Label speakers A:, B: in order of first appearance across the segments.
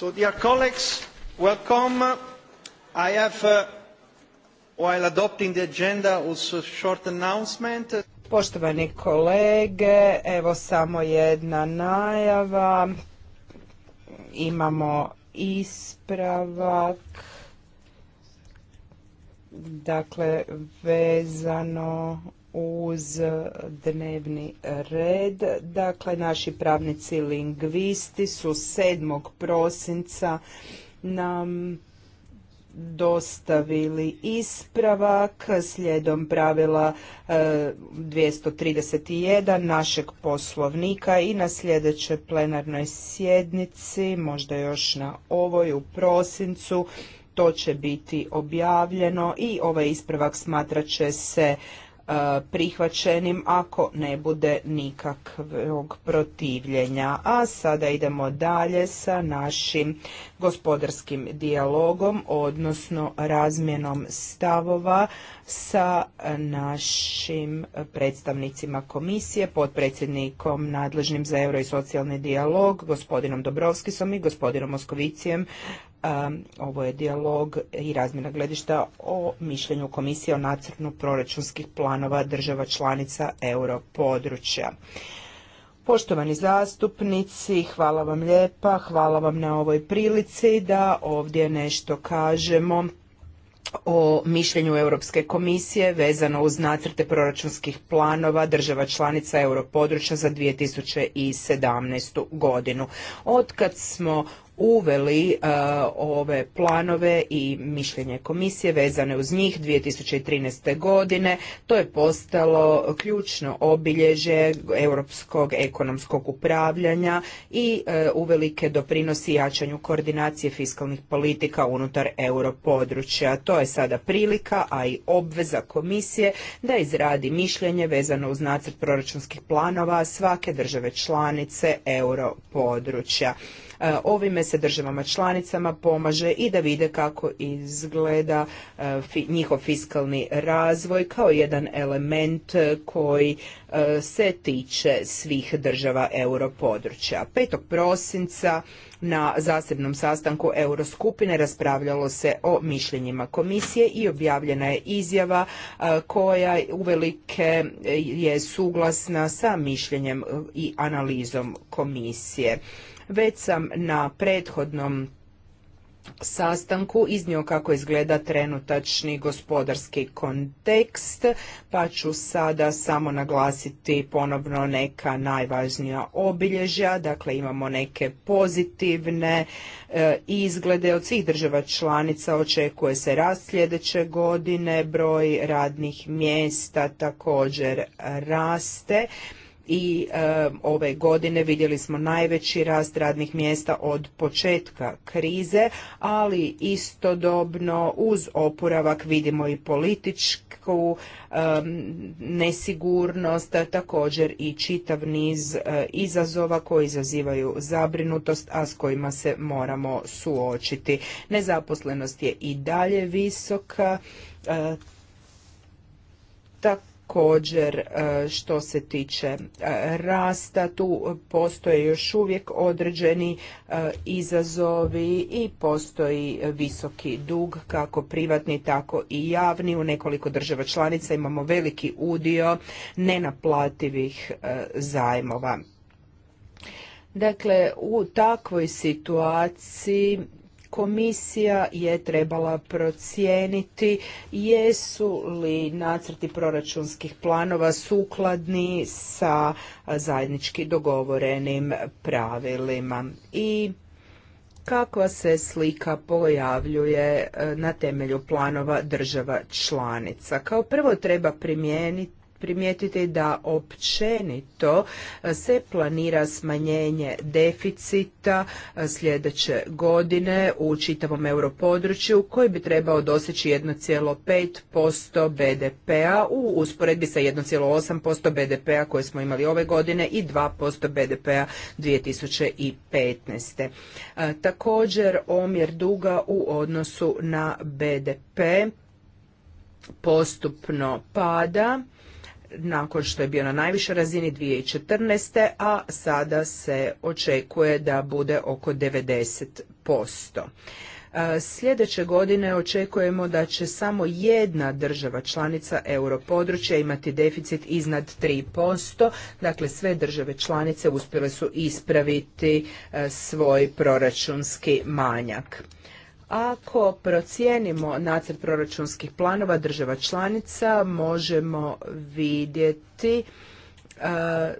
A: So, dear colleagues, welcome. I have, uh, while adopting the agenda, also short announcement. Poštovani kolege, evo samo jedna najava. Imamo ispravak. Dakle, vezano uz dnevni red. Dakle, naši pravnici lingvisti su 7. prosinca nam dostavili ispravak slijedom pravila 231 e, našeg poslovnika i na sljedećoj plenarnoj sjednici, možda još na ovoj u prosincu, to će biti objavljeno i ovaj ispravak smatrat će se E, prihvaćenim ako ne bude nikakvog protivljenja. A sada idemo dalje sa našim gospodarskim dijalogom, odnosno razmjenom stavova sa našim predstavnicima komisije, potpredsjednikom nadležnim za euro i socijalni dijalog, gospodinom Dobrovskisom i gospodinom Moskovicijem, ovo je dijalog i razmjena gledišta o mišljenju komisije o nacrtnu proračunskih planova država članica europodručja. Poštovani zastupnici, hvala vam lijepa, hvala vam na ovoj prilici da ovdje nešto kažemo o mišljenju Europske komisije vezano uz nacrte proračunskih planova država članica europodručja za 2017. godinu. kad smo uveli e, ove planove i mišljenje komisije vezane uz njih 2013. godine. To je postalo ključno obilježje europskog ekonomskog upravljanja i e, uvelike doprinosi jačanju koordinacije fiskalnih politika unutar europodručja. To je sada prilika, a i obveza komisije da izradi mišljenje vezano uz nacrt proračunskih planova svake države članice europodručja. E, ovime se državama članicama pomaže i da vide kako izgleda e, njihov fiskalni razvoj kao jedan element koji e, se tiče svih država europodručja. 5. prosinca na zasebnom sastanku Euroskupine raspravljalo se o mišljenjima komisije i objavljena je izjava koja uvelike je suglasna sa mišljenjem i analizom komisije. Već sam na prethodnom sastanku iznio kako izgleda trenutačni gospodarski kontekst, pa ću sada samo naglasiti ponovno neka najvažnija obilježja. Dakle, imamo neke pozitivne e, izglede od svih država članica. Očekuje se rast sljedeće godine, broj radnih mjesta također raste i ove godine vidjeli smo najveći rast radnih mjesta od početka krize, ali istodobno uz oporavak vidimo i političku nesigurnost, također i čitav niz eh, izazova koji izazivaju zabrinutost, a s kojima se moramo suočiti. Nezaposlenost je i dalje visoka, eh, tako također e, što se tiče e, rasta tu postoje još uvijek određeni e, izazovi i postoji visoki dug kako privatni tako i javni u nekoliko država članica imamo veliki udio nenaplativih zajmova Dakle, u takvoj situaciji Komisija je trebala procijeniti jesu li nacrti proračunskih planova sukladni sa zajednički dogovorenim pravilima i kakva se slika pojavljuje e, na temelju planova država članica. Kao prvo treba primijeniti primijetiti da općenito se planira smanjenje deficita sljedeće godine u čitavom europodručju koji bi trebao doseći 1,5% BDP-a u usporedbi sa 1,8% BDP-a koje smo imali ove godine i 2% BDP-a 2015. Također omjer duga u odnosu na BDP postupno pada nakon što je bio na najvišoj razini 2014. a sada se očekuje da bude oko 90%. E, sljedeće godine očekujemo da će samo jedna država članica europodručja imati deficit iznad 3%, dakle sve države članice uspjele su ispraviti e, svoj proračunski manjak. Ako procijenimo nacrt proračunskih planova država članica, možemo vidjeti e,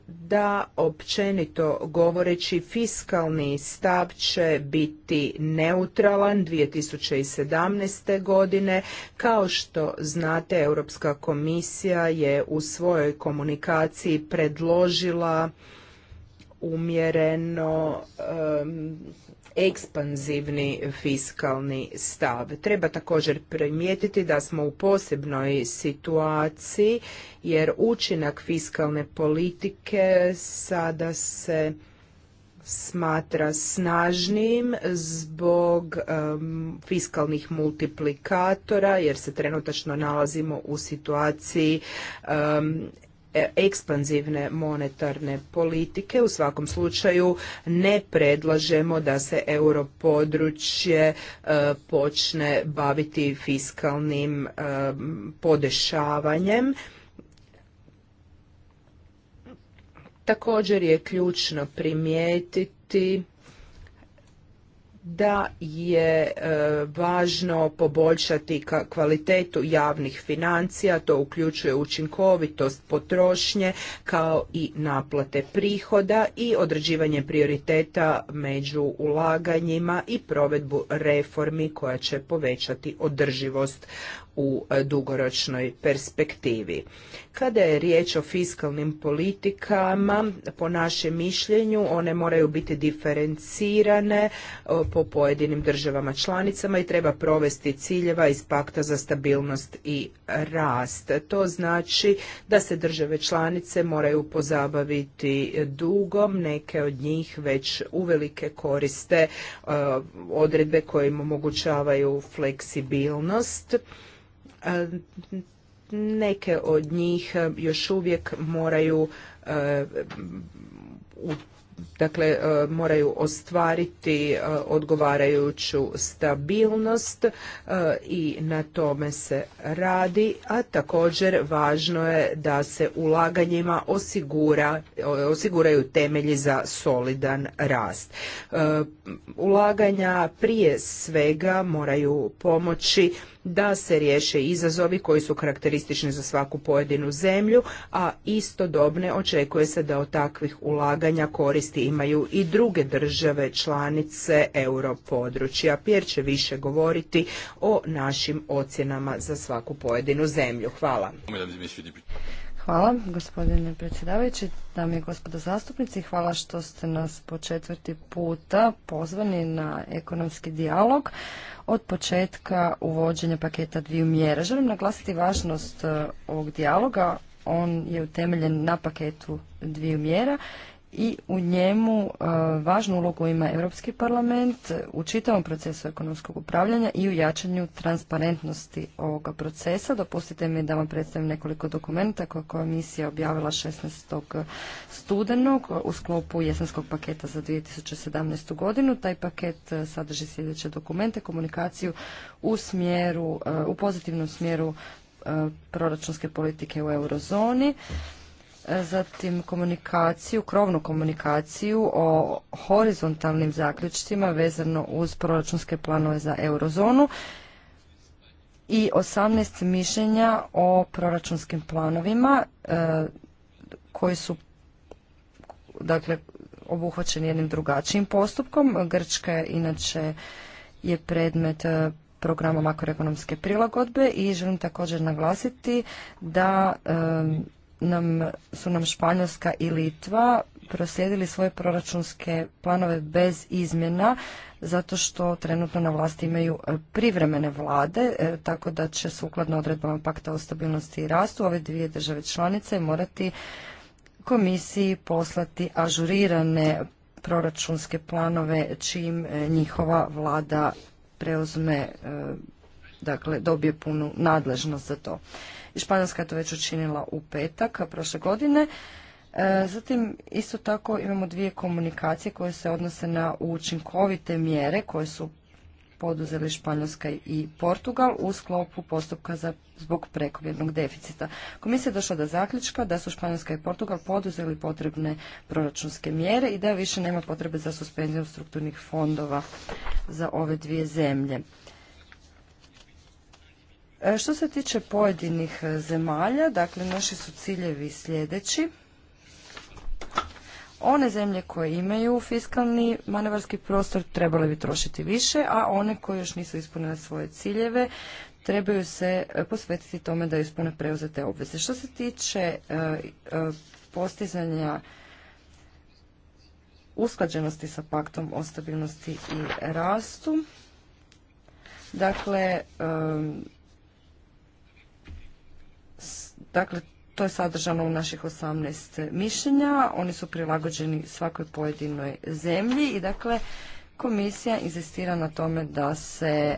A: da općenito govoreći fiskalni stav će biti neutralan 2017. godine. Kao što znate, Europska komisija je u svojoj komunikaciji predložila umjereno ekspanzivni fiskalni stav. Treba također primijetiti da smo u posebnoj situaciji jer učinak fiskalne politike sada se smatra snažnijim zbog fiskalnih multiplikatora jer se trenutačno nalazimo u situaciji E, ekspanzivne monetarne politike. U svakom slučaju ne predlažemo da se europodručje e, počne baviti fiskalnim e, podešavanjem. Također je ključno primijetiti da je e, važno poboljšati kvalitetu javnih financija, to uključuje učinkovitost potrošnje kao i naplate prihoda i određivanje prioriteta među ulaganjima i provedbu reformi koja će povećati održivost u e, dugoročnoj perspektivi. Kada je riječ o fiskalnim politikama, po našem mišljenju one moraju biti diferencirane e, po pojedinim državama članicama i treba provesti ciljeva iz pakta za stabilnost i rast. To znači da se države članice moraju pozabaviti dugom, neke od njih već uvelike koriste e, odredbe koje im omogućavaju fleksibilnost Neke od njih e, još uvijek moraju e, dakle e, moraju ostvariti odgovarajuću stabilnost i na tome se radi, a također važno je da se ulaganjima osigura, osiguraju temelji za solidan rast. Ulaganja prije svega moraju pomoći da se riješe izazovi koji su karakteristični za svaku pojedinu zemlju, a istodobne očekuje se da od takvih ulaganja koristi imaju i druge države članice europodručja. Pjer će više govoriti o našim ocjenama za svaku pojedinu zemlju. Hvala. Hvala,
B: gospodine
A: predsjedavajući,
B: dame i gospodo zastupnici. Hvala što ste nas po četvrti puta pozvani na ekonomski dijalog od početka uvođenja paketa dviju mjera. Želim naglasiti važnost e, ovog dijaloga. On je utemeljen na paketu dviju mjera i u njemu e, važnu ulogu ima Europski parlament u čitavom procesu ekonomskog upravljanja i u jačanju transparentnosti ovoga procesa. Dopustite mi da vam predstavim nekoliko dokumenta koje je komisija objavila 16. studenog u sklopu jesenskog paketa za 2017. godinu. Taj paket e, sadrži sljedeće dokumente, komunikaciju u smjeru, e, u pozitivnom smjeru proračunske politike u eurozoni, zatim komunikaciju, krovnu komunikaciju o horizontalnim zaključcima vezano uz proračunske planove za eurozonu i 18 mišljenja o proračunskim planovima e, koji su dakle obuhvaćeni jednim drugačijim postupkom. Grčka je inače je predmet e, programa makroekonomske prilagodbe i želim također naglasiti da e, nam, su nam Španjolska i Litva proslijedili svoje proračunske planove bez izmjena zato što trenutno na vlasti imaju e, privremene vlade, e, tako da će sukladno odredbama pakta o stabilnosti i rastu ove dvije države članice morati komisiji poslati ažurirane proračunske planove čim e, njihova vlada preuzme, dakle dobije punu nadležnost za to i Španjolska je to već učinila u petak prošle godine. E, zatim isto tako imamo dvije komunikacije koje se odnose na učinkovite mjere koje su poduzeli Španjolska i Portugal u sklopu postupka za, zbog prekomjernog deficita. Komisija je došla do zaključka da su Španjolska i Portugal poduzeli potrebne proračunske mjere i da više nema potrebe za suspenzijom strukturnih fondova za ove dvije zemlje. E, što se tiče pojedinih e, zemalja, dakle naši su ciljevi sljedeći. One zemlje koje imaju fiskalni manevarski prostor trebale bi trošiti više, a one koje još nisu ispunile svoje ciljeve trebaju se e, posvetiti tome da ispune preuzete obveze. Što se tiče postizanja usklađenosti sa paktom o stabilnosti i rastu, dakle Dakle, to je sadržano u naših 18 mišljenja. Oni su prilagođeni svakoj pojedinoj zemlji i dakle, komisija inzistira na tome da se e,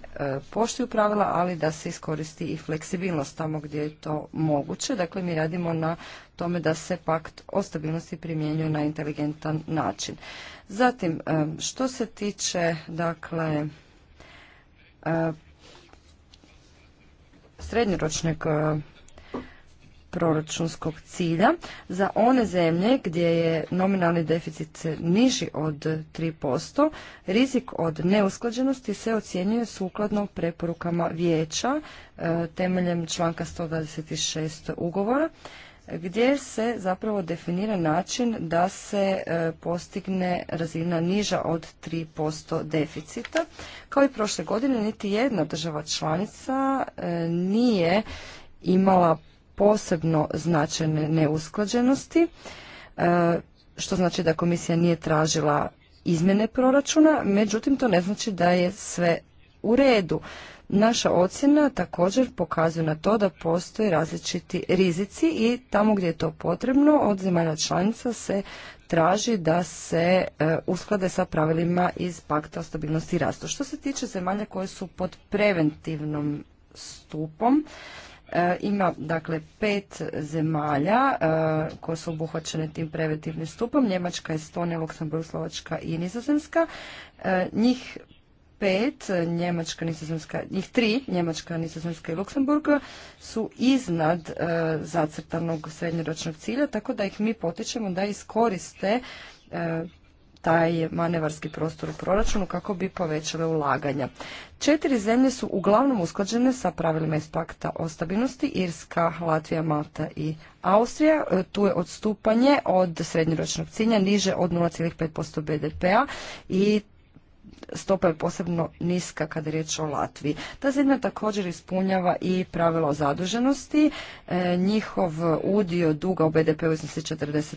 B: poštuju pravila, ali da se iskoristi i fleksibilnost tamo gdje je to moguće. Dakle, mi radimo na tome da se pakt o stabilnosti primjenjuje na inteligentan način. Zatim, e, što se tiče, dakle, e, srednjoročnog proračunskog cilja za one zemlje gdje je nominalni deficit niži od 3%, rizik od neusklađenosti se ocjenjuje sukladno preporukama vijeća e, temeljem članka 126 ugovora gdje se zapravo definira način da se e, postigne razina niža od 3% deficita. Kao i prošle godine niti jedna država članica e, nije imala posebno značajne neusklađenosti, e, što znači da komisija nije tražila izmjene proračuna, međutim to ne znači da je sve u redu. Naša ocjena također pokazuje na to da postoje različiti rizici i tamo gdje je to potrebno od zemalja članica se traži da se e, usklade sa pravilima iz pakta o stabilnosti i rastu. Što se tiče zemalja koje su pod preventivnom stupom, E, ima dakle pet zemalja e, koje su obuhvaćene tim preventivnim stupom, Njemačka, Estonija, Luksemburg, Slovačka i Nizozemska. E, njih pet, Njemačka, Nizozemska, njih tri, Njemačka, Nizozemska i Luksemburg su iznad zacrtanog srednjoročnog cilja, tako da ih mi potičemo da iskoriste taj manevarski prostor u proračunu kako bi povećale ulaganja. Četiri zemlje su uglavnom usklađene sa pravilima iz pakta o stabilnosti, Irska, Latvija, Malta i Austrija. E, tu je odstupanje od srednjoročnog cilja niže od 0,5% BDP-a i stopa je posebno niska kada je riječ o Latviji. Ta zemlja također ispunjava i pravilo o zaduženosti. E, njihov udio duga u BDP-u iznosi 40%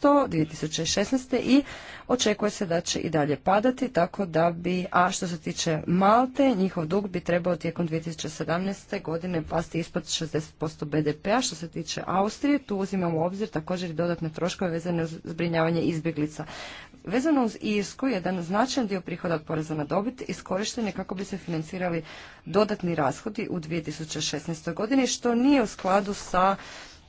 B: 2016. i očekuje se da će i dalje padati, tako da bi, a što se tiče Malte, njihov dug bi trebao tijekom 2017. godine pasti ispod 60% BDP-a. Što se tiče Austrije, tu uzimamo u obzir također i dodatne troškove vezane uz zbrinjavanje izbjeglica. Vezano uz Irsku, jedan značajan dio prihoda od poreza na dobit iskorišten je kako bi se financirali dodatni rashodi u 2016. godini, što nije u skladu sa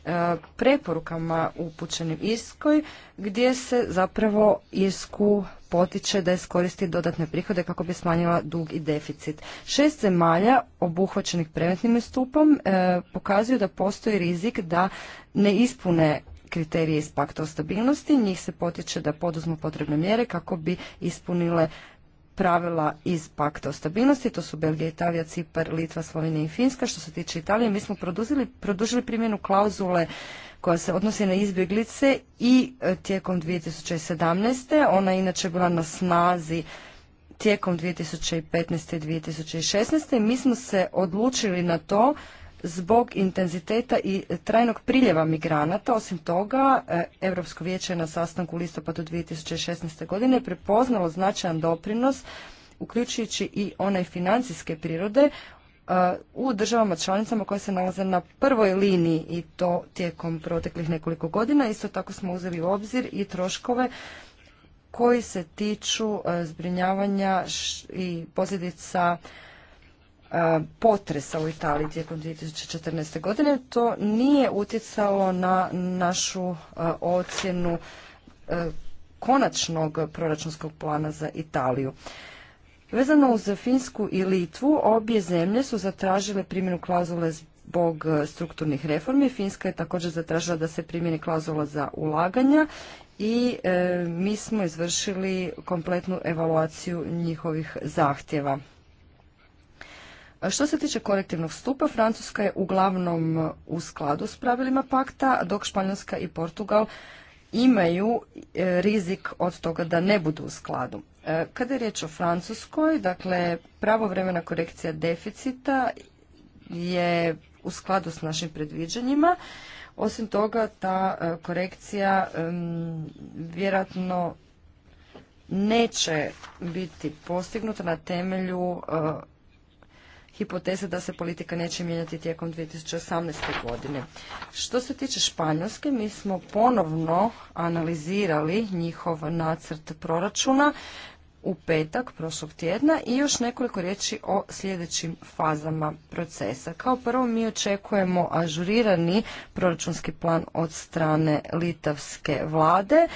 B: e, preporukama upućenim Irskoj, gdje se zapravo Irsku potiče da iskoristi dodatne prihode kako bi smanjila dug i deficit. Šest zemalja obuhvaćenih preventnim stupom e, pokazuju da postoji rizik da ne ispune kriterije iz pakta o stabilnosti. Njih se potiče da poduzmu potrebne mjere kako bi ispunile pravila iz pakta o stabilnosti, to su Belgija, Italija, Cipar, Litva, Slovenija i Finska. Što se tiče Italije, mi smo produžili primjenu klauzule koja se odnosi na izbjeglice i e, tijekom 2017. Ona je inače bila na snazi tijekom 2015. i 2016. mi smo se odlučili na to zbog intenziteta i trajnog priljeva migranata. Osim toga, e, Europsko vijeće je na sastanku u listopadu 2016. godine prepoznalo značajan doprinos, uključujući i one financijske prirode, e, u državama članicama koje se nalaze na prvoj liniji i to tijekom proteklih nekoliko godina. Isto tako smo uzeli u obzir i troškove koji se tiču e, zbrinjavanja i posljedica E, potresa u Italiji tijekom 2014. godine. To nije utjecalo na našu e, ocjenu e, konačnog proračunskog plana za Italiju. Vezano uz Finsku i Litvu, obje zemlje su zatražile primjenu klauzule zbog strukturnih reformi. Finska je također zatražila da se primjeni klauzula za ulaganja i mi smo izvršili kompletnu evaluaciju njihovih zahtjeva. Što se tiče korektivnog stupa, Francuska je uglavnom u skladu s pravilima pakta, dok Španjolska i Portugal imaju e, rizik od toga da ne budu u skladu. E, kada je riječ o Francuskoj, dakle, pravovremena korekcija deficita je u skladu s našim predviđanjima. Osim toga, ta e, korekcija vjerojatno neće biti postignuta na temelju hipoteze da se politika neće mijenjati tijekom 2018. godine. Što se tiče Španjolske, mi smo ponovno analizirali njihov nacrt proračuna u petak prošlog tjedna i još nekoliko riječi o sljedećim fazama procesa. Kao prvo mi očekujemo ažurirani proračunski plan od strane litavske vlade.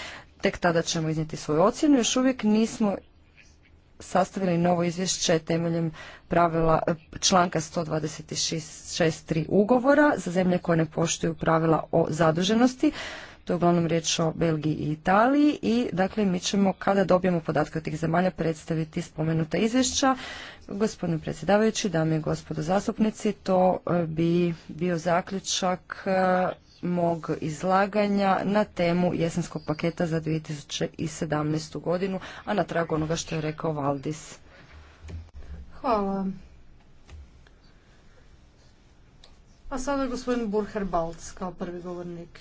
B: Tek tada ćemo iznijeti svoju ocjenu. Još uvijek nismo sastavili novo izvješće temeljem pravila e, članka 126.3 ugovora za zemlje koje ne poštuju pravila o zaduženosti. To je uglavnom riječ o Belgiji i Italiji i dakle mi ćemo kada dobijemo podatke od tih zemalja predstaviti spomenuta izvješća. Gospodine predsjedavajući, dame i gospodo zastupnici, to e, bi bio zaključak e, mog izlaganja na temu jesenskog paketa za 2017. godinu, a na tragu onoga što je rekao Valdis.
C: Hvala. A sada je gospodin Burher Balc kao prvi govornik.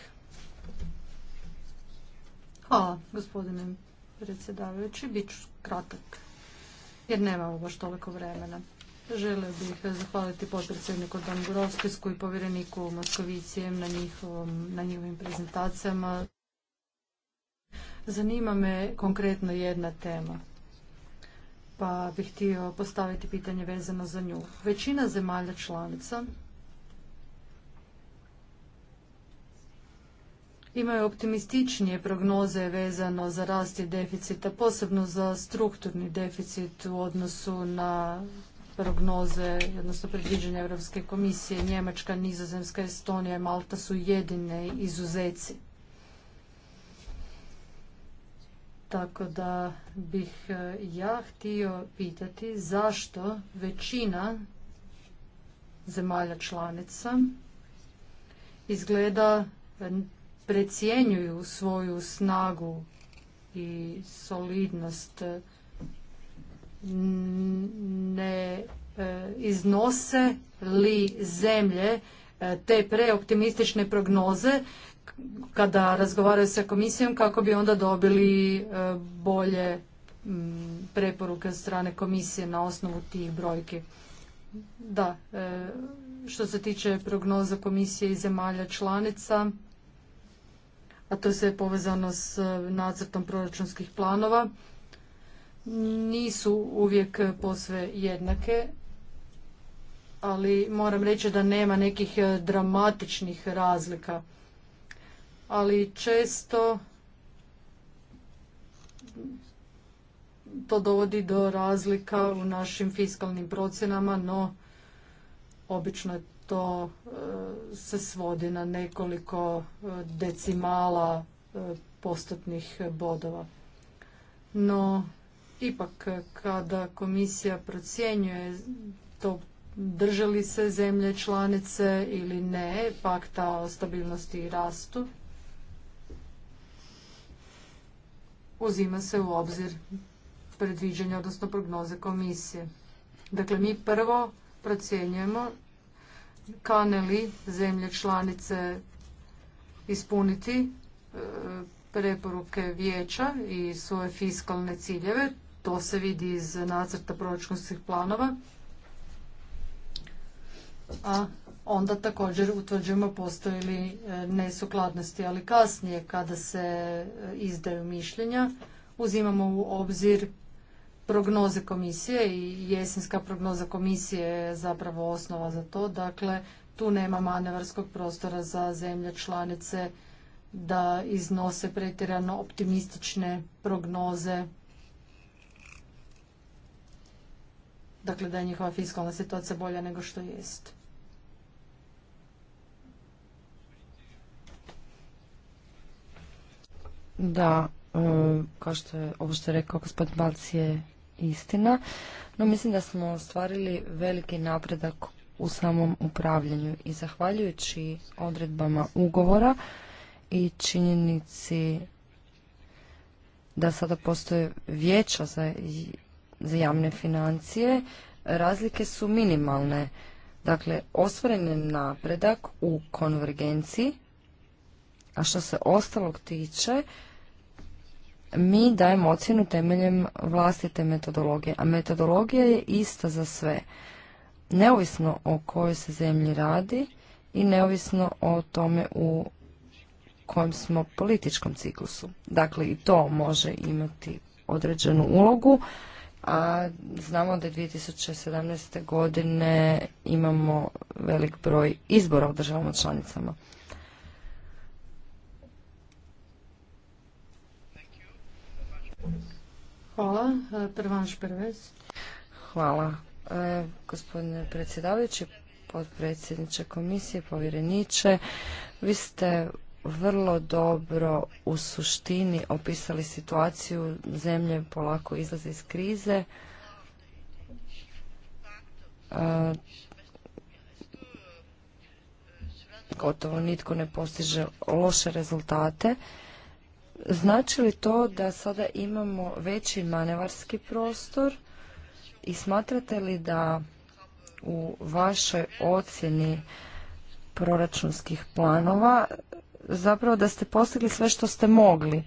C: Hvala, gospodine predsjedavajući. ću kratak, jer nemamo baš toliko vremena. Žele bih zahvaliti potpredsjedniku Dombrovskisku i povjereniku Moskovicijem na, njihovom, na njihovim prezentacijama. Zanima me konkretno jedna tema, pa bih htio postaviti pitanje vezano za nju. Većina zemalja članica imaju optimističnije prognoze vezano za rast i deficita, posebno za strukturni deficit u odnosu na prognoze, odnosno predviđanja Europske komisije, Njemačka, Nizozemska, Estonija i Malta su jedine izuzeci. Tako da bih e, ja htio pitati zašto većina zemalja članica izgleda e, precijenjuju svoju snagu i solidnost ne e, iznose li zemlje e, te preoptimistične prognoze kada razgovaraju sa komisijom kako bi onda dobili e, bolje preporuke od strane komisije na osnovu tih brojki. Da, što se tiče prognoza komisije i zemalja članica, a to je povezano s nacrtom proračunskih planova, nisu uvijek posve jednake, ali moram reći da nema nekih e, dramatičnih razlika. Ali često to dovodi do razlika u našim fiskalnim procjenama, no obično to e, se svodi na nekoliko e, decimala postotnih bodova. No, ipak kada komisija procjenjuje to li se zemlje članice ili ne pakta o stabilnosti i rastu, uzima se u obzir predviđanja, odnosno prognoze komisije. Dakle, mi prvo procjenjujemo kane li zemlje članice ispuniti e, preporuke vijeća i svoje fiskalne ciljeve to se vidi iz nacrta proračunskih planova. A onda također utvrđujemo postoje li e, nesukladnosti, ali kasnije kada se e, izdaju mišljenja uzimamo u obzir prognoze komisije i jesenska prognoza komisije je zapravo osnova za to. Dakle, tu nema manevarskog prostora za zemlje članice da iznose pretjerano optimistične prognoze dakle da je njihova fiskalna situacija bolja nego što jest.
B: Da, e, kao što je ovo što je rekao gospodin Balc je istina, no mislim da smo ostvarili veliki napredak u samom upravljanju i zahvaljujući odredbama ugovora i činjenici da sada postoje vijeća za za javne financije razlike su minimalne. Dakle, ostvaren napredak u konvergenciji, a što se ostalog tiče, mi dajemo ocjenu temeljem vlastite metodologije, a metodologija je ista za sve, neovisno o kojoj se zemlji radi i neovisno o tome u kojem smo političkom ciklusu. Dakle, i to može imati određenu ulogu a znamo da 2017. godine imamo velik broj izbora u državama članicama. Hvala. Prvanš Hvala. E, gospodine predsjedavajući, potpredsjedniče komisije, povjereniče, vi ste vrlo dobro u suštini opisali situaciju. Zemlje polako izlaze iz krize. E, gotovo nitko ne postiže loše rezultate. Znači li to da sada imamo veći manevarski prostor i smatrate li da u vašoj ocjeni proračunskih planova zapravo da ste postigli sve što ste mogli.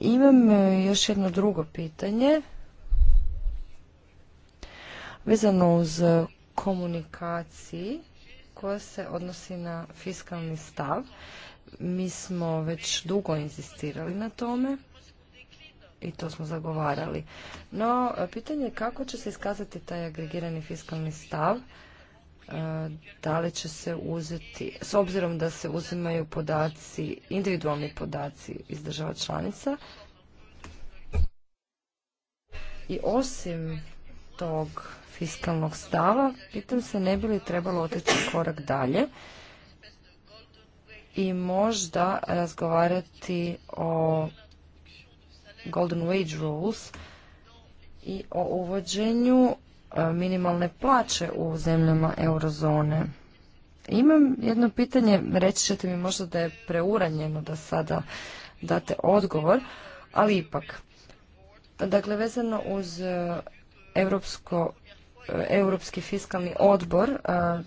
B: Imam e, još jedno drugo pitanje vezano uz komunikaciji koja se odnosi na fiskalni stav. Mi smo već dugo insistirali na tome i to smo zagovarali. No, e, pitanje je kako će se iskazati taj agregirani fiskalni stav E, da li će se uzeti, s obzirom da se uzimaju podaci, individualni podaci iz država članica, i osim tog fiskalnog stava, pitam se ne bi li trebalo otići korak dalje i možda razgovarati o Golden Wage Rules i o uvođenju E, minimalne plaće u zemljama eurozone. Imam jedno pitanje, reći ćete mi možda da je preuranjeno da sada date odgovor, ali ipak. Dakle, vezano uz Europski e, fiskalni odbor. E,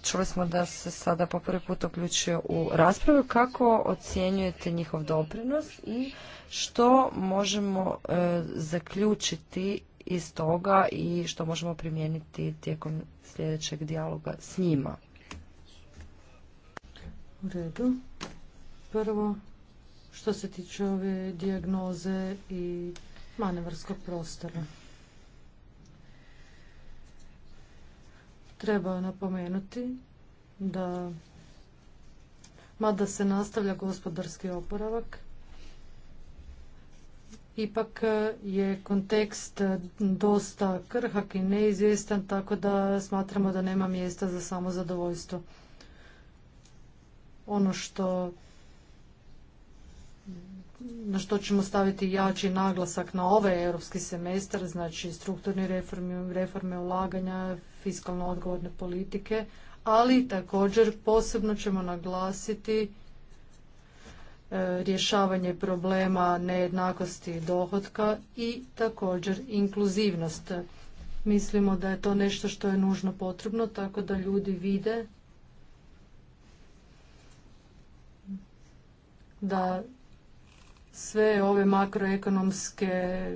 B: čuli smo da se sada po prvi put uključio u raspravu. Kako ocjenjujete njihov doprinos i što možemo zaključiti iz toga i što možemo primijeniti tijekom sljedećeg dijaloga s njima.
C: U redu. Prvo, što se tiče ove dijagnoze i manevarskog prostora. Treba napomenuti da mada se nastavlja gospodarski oporavak, Ipak e, je kontekst e, dosta krhak i neizvjestan, tako da smatramo da nema mjesta za samozadovoljstvo. Ono što na što ćemo staviti jači naglasak na ovaj europski semestar, znači strukturni reforme, reforme ulaganja, fiskalno odgovorne politike, ali također posebno ćemo naglasiti E, rješavanje problema nejednakosti dohotka i također inkluzivnost. Mislimo da je to nešto što je nužno potrebno tako da ljudi vide da sve ove makroekonomske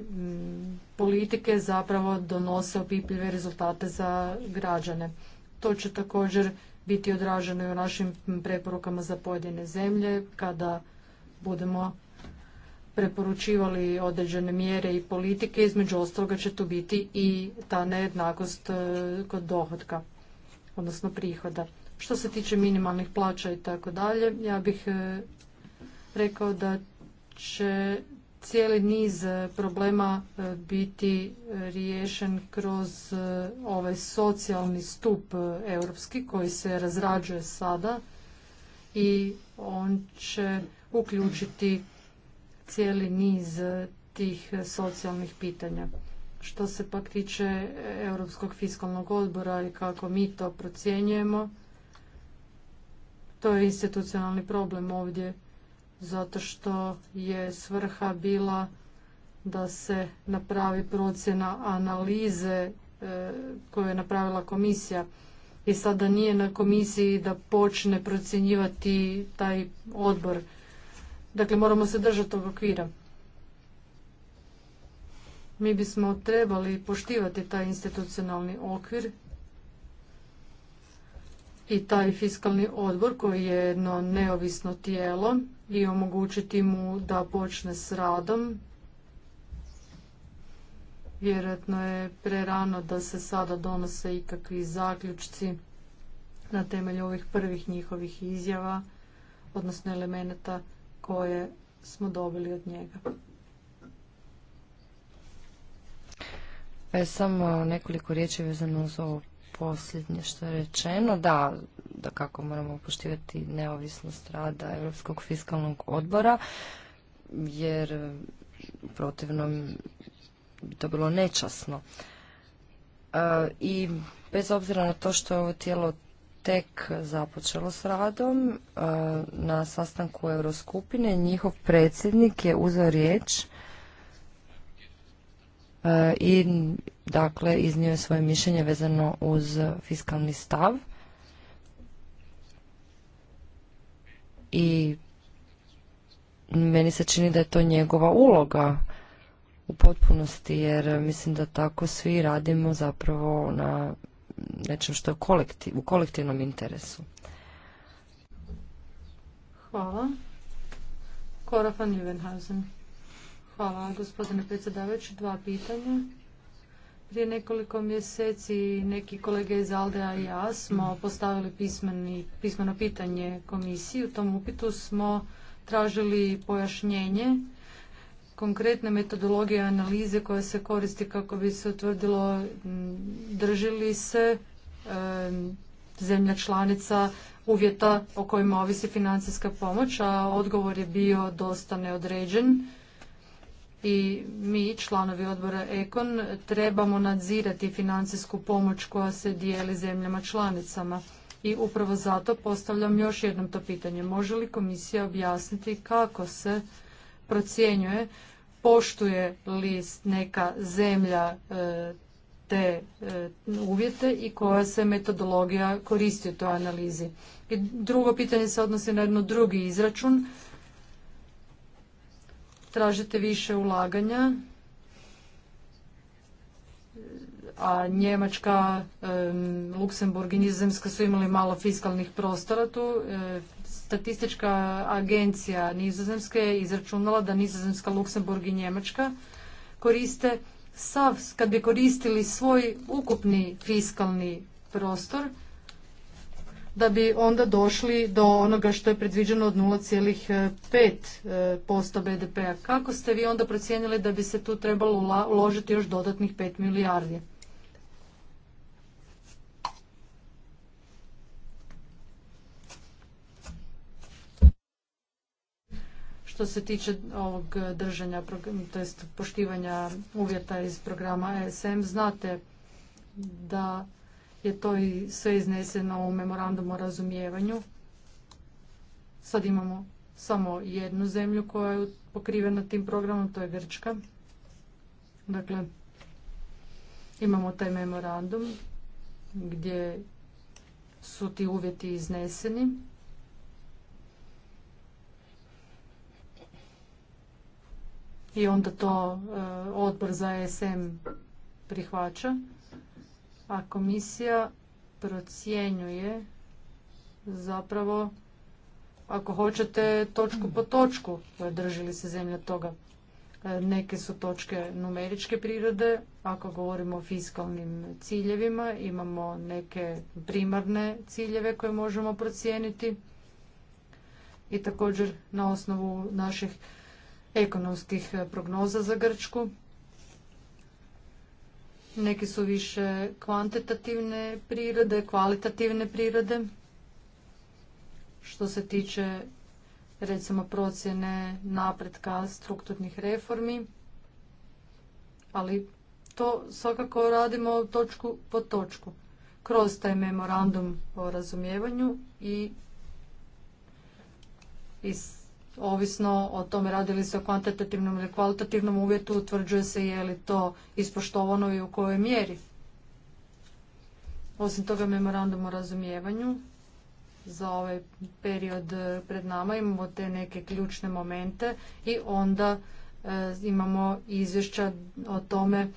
C: mm, politike zapravo donose opipljive rezultate za građane. To će također biti odraženo i u našim preporukama za pojedine zemlje kada budemo preporučivali određene mjere i politike, između ostaloga će tu biti i ta nejednakost e, kod dohodka, odnosno prihoda. Što se tiče minimalnih plaća i tako dalje, ja bih e, rekao da će cijeli niz e, problema biti riješen kroz ovaj socijalni stup europski koji se razrađuje sada i on će uključiti cijeli niz tih socijalnih pitanja. Što se pak tiče Europskog fiskalnog odbora i kako mi to procjenjujemo, to je institucionalni problem ovdje, zato što je svrha bila da se napravi procjena analize e, koju je napravila komisija i sada nije na komisiji da počne procjenjivati taj odbor Dakle, moramo se držati tog okvira. Mi bismo trebali poštivati taj institucionalni okvir i taj fiskalni odbor koji je jedno neovisno tijelo i omogućiti mu da počne s radom. Vjerojatno je prerano da se sada donose ikakvi zaključci na temelju ovih prvih njihovih izjava, odnosno elemenata koje smo dobili od
B: njega. E, samo nekoliko riječi vezano uz ovo posljednje što je rečeno. Da, da kako moramo poštivati neovisnost rada Europskog fiskalnog odbora, jer protivnom bi to bilo nečasno. E, I bez obzira na to što je ovo tijelo tek započelo s radom e, na sastanku Euroskupine. Njihov predsjednik je uzeo riječ e, i dakle iznio je svoje mišljenje vezano uz fiskalni stav. I meni se čini da je to njegova uloga u potpunosti jer mislim da tako svi radimo zapravo na nečem što je kolektiv, u kolektivnom interesu.
C: Hvala. Kora van Hvala, gospodine predsjedavajući. Dva pitanja. Prije nekoliko mjeseci neki kolege iz Aldea i ja smo postavili pismeno pitanje komisiji. U tom upitu smo tražili pojašnjenje konkretne metodologije analize koja se koristi kako bi se utvrdilo drži li se zemlja članica uvjeta o kojima ovisi financijska pomoć, a odgovor je bio dosta neodređen i mi, članovi odbora Ekon, trebamo nadzirati financijsku pomoć koja se dijeli zemljama članicama. I upravo zato postavljam još jednom to pitanje. Može li komisija objasniti kako se procjenjuje poštuje list neka zemlja e, te e, uvjete i koja se metodologija koristi u toj analizi. I drugo pitanje se odnosi na jedno drugi izračun. Tražite više ulaganja, a Njemačka, Luksemburg i Nizozemska su imali malo fiskalnih prostora tu, e, statistička agencija Nizozemske je izračunala da Nizozemska, Luksemburg i Njemačka koriste sav, kad bi koristili svoj ukupni fiskalni prostor, da bi onda došli do onoga što je predviđeno od 0,5% BDP-a. Kako ste vi onda procijenili da bi se tu trebalo uložiti još dodatnih 5 milijardi? što se tiče ovog držanja, to jest poštivanja uvjeta iz programa ESM, znate da je to i sve izneseno u memorandumu o razumijevanju. Sad imamo samo jednu zemlju koja je pokrivena tim programom, to je Grčka. Dakle, imamo taj memorandum gdje su ti uvjeti izneseni i onda to e, odbor za ESM prihvaća, a komisija procjenjuje zapravo, ako hoćete, točku po točku drži li se zemlja toga. E, neke su točke numeričke prirode, ako govorimo o fiskalnim ciljevima, imamo neke primarne ciljeve koje možemo procijeniti i također na osnovu naših ekonomskih e, prognoza za Grčku. Neki su više kvantitativne prirode, kvalitativne prirode. Što se tiče recimo procjene napretka strukturnih reformi, ali to svakako radimo točku po točku kroz taj memorandum o razumijevanju i iz ovisno o tome radili se o kvantitativnom ili kvalitativnom uvjetu, utvrđuje se je li to ispoštovano i u kojoj mjeri. Osim toga, memorandum o razumijevanju za ovaj period pred nama imamo te neke ključne momente i onda e, imamo izvješća o tome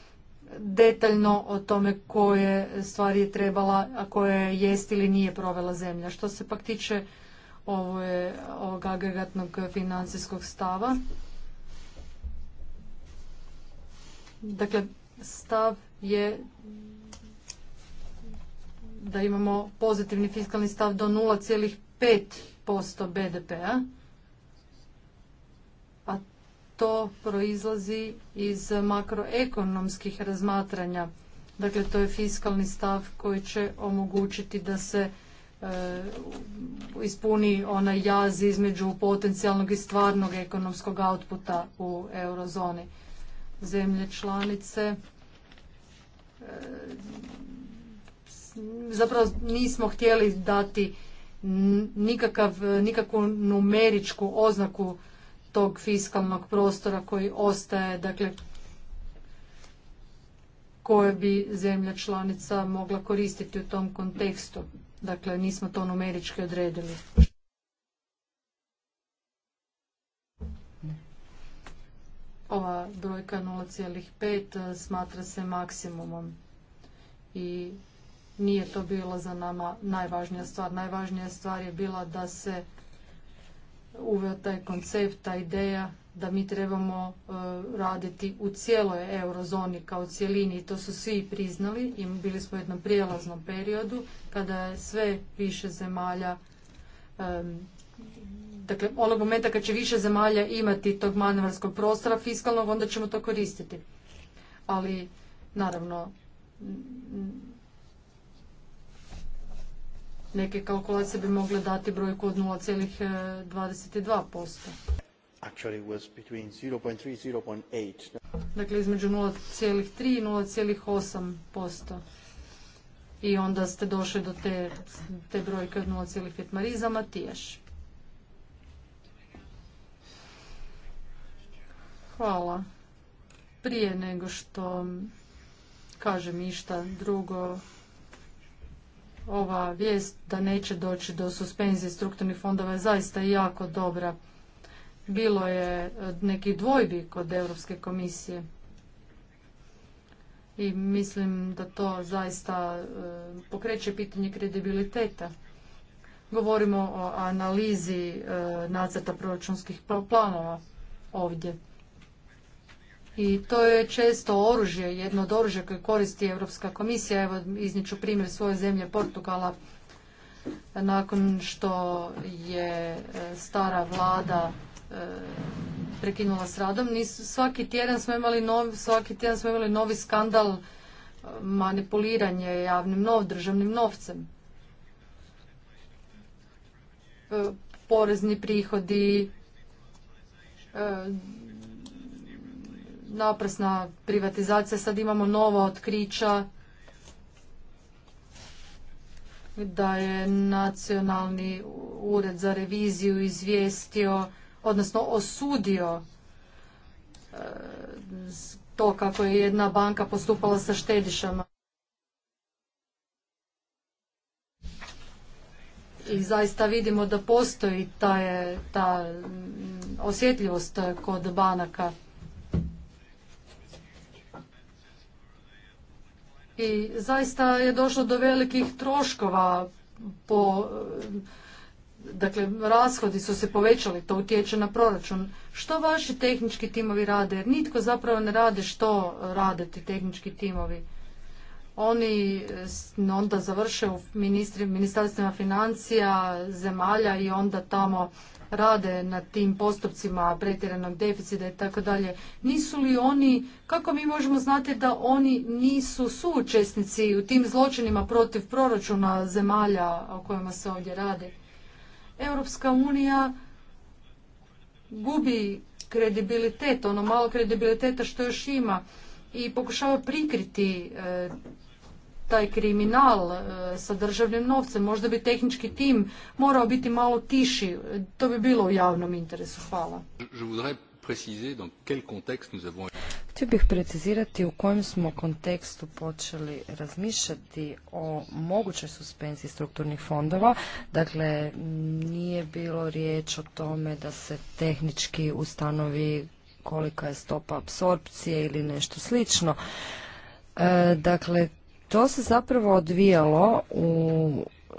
C: detaljno o tome koje stvari je trebala, a koje jest ili nije provela zemlja. Što se pak tiče ovo je ovog agregatnog financijskog stava. Dakle, stav je da imamo pozitivni fiskalni stav do 0,5% BDP-a, a to proizlazi iz makroekonomskih razmatranja. Dakle, to je fiskalni stav koji će omogućiti da se E, ispuni onaj jaz između potencijalnog i stvarnog ekonomskog outputa u eurozoni. Zemlje članice e, zapravo nismo htjeli dati nikakav, nikakvu numeričku oznaku tog fiskalnog prostora koji ostaje, dakle koje bi zemlja članica mogla koristiti u tom kontekstu. Dakle, nismo to numerički odredili. Ova brojka 0,5 eh, smatra se maksimumom i nije to bilo za nama najvažnija stvar. Najvažnija stvar je bila da se uveo taj koncept, ta ideja da mi trebamo e, raditi u cijeloj eurozoni kao cjelini i to su svi priznali i bili smo u jednom prijelaznom periodu kada je sve više zemalja dakle onog momenta kad će više zemalja imati tog manevarskog prostora fiskalnog onda ćemo to koristiti ali naravno neke kalkulacije bi mogle dati brojku od 0,22%
A: actually was between 0.3 0.8.
C: Dakle, između 0.3 i 0.8 I onda ste došli do te, te brojke od 0.5. Mariza Matijaš. Hvala. Prije nego što kažem išta drugo, ova vijest da neće doći do suspenzije strukturnih fondova je zaista jako dobra bilo je e, neki dvojbi kod Europske komisije i mislim da to zaista e, pokreće pitanje kredibiliteta. Govorimo o analizi e, nacrta proračunskih planova ovdje. I to je često oružje, jedno od oružja koje koristi Europska komisija. Evo izniču primjer svoje zemlje Portugala. Nakon što je stara vlada E, prekinula s radom. svaki tjedan smo imali novi, svaki tjedan imali novi skandal e, manipuliranje javnim nov, državnim novcem. E, porezni prihodi, naprasna privatizacija, sad imamo nova otkrića da je Nacionalni ured za reviziju izvijestio odnosno osudio e, to kako je jedna banka postupala sa štedišama. I zaista vidimo da postoji ta, ta mm, osjetljivost kod banaka. I zaista je došlo do velikih troškova po dakle rashodi su se povećali, to utječe na proračun. Što vaši tehnički timovi rade? Jer nitko zapravo ne rade što rade ti tehnički timovi. Oni mm, onda završe u ministarstvima financija, zemalja i onda tamo rade na tim postupcima pretjeranog deficita i tako dalje. Nisu li oni, kako mi možemo znati da oni nisu suučesnici u tim zločinima protiv proračuna zemalja o kojima se ovdje radi? Europska unija gubi kredibilitet, ono malo kredibiliteta što još ima i pokušava prikriti e, taj kriminal e, sa državnim novcem. Možda bi tehnički tim morao biti malo tiši. To bi bilo u javnom interesu. Hvala.
B: Htio bih precizirati u kojem smo kontekstu počeli razmišljati o mogućoj suspenziji strukturnih fondova. Dakle, nije bilo riječ o tome da se tehnički ustanovi kolika je stopa apsorpcije ili nešto slično. E, dakle, to se zapravo odvijalo u e,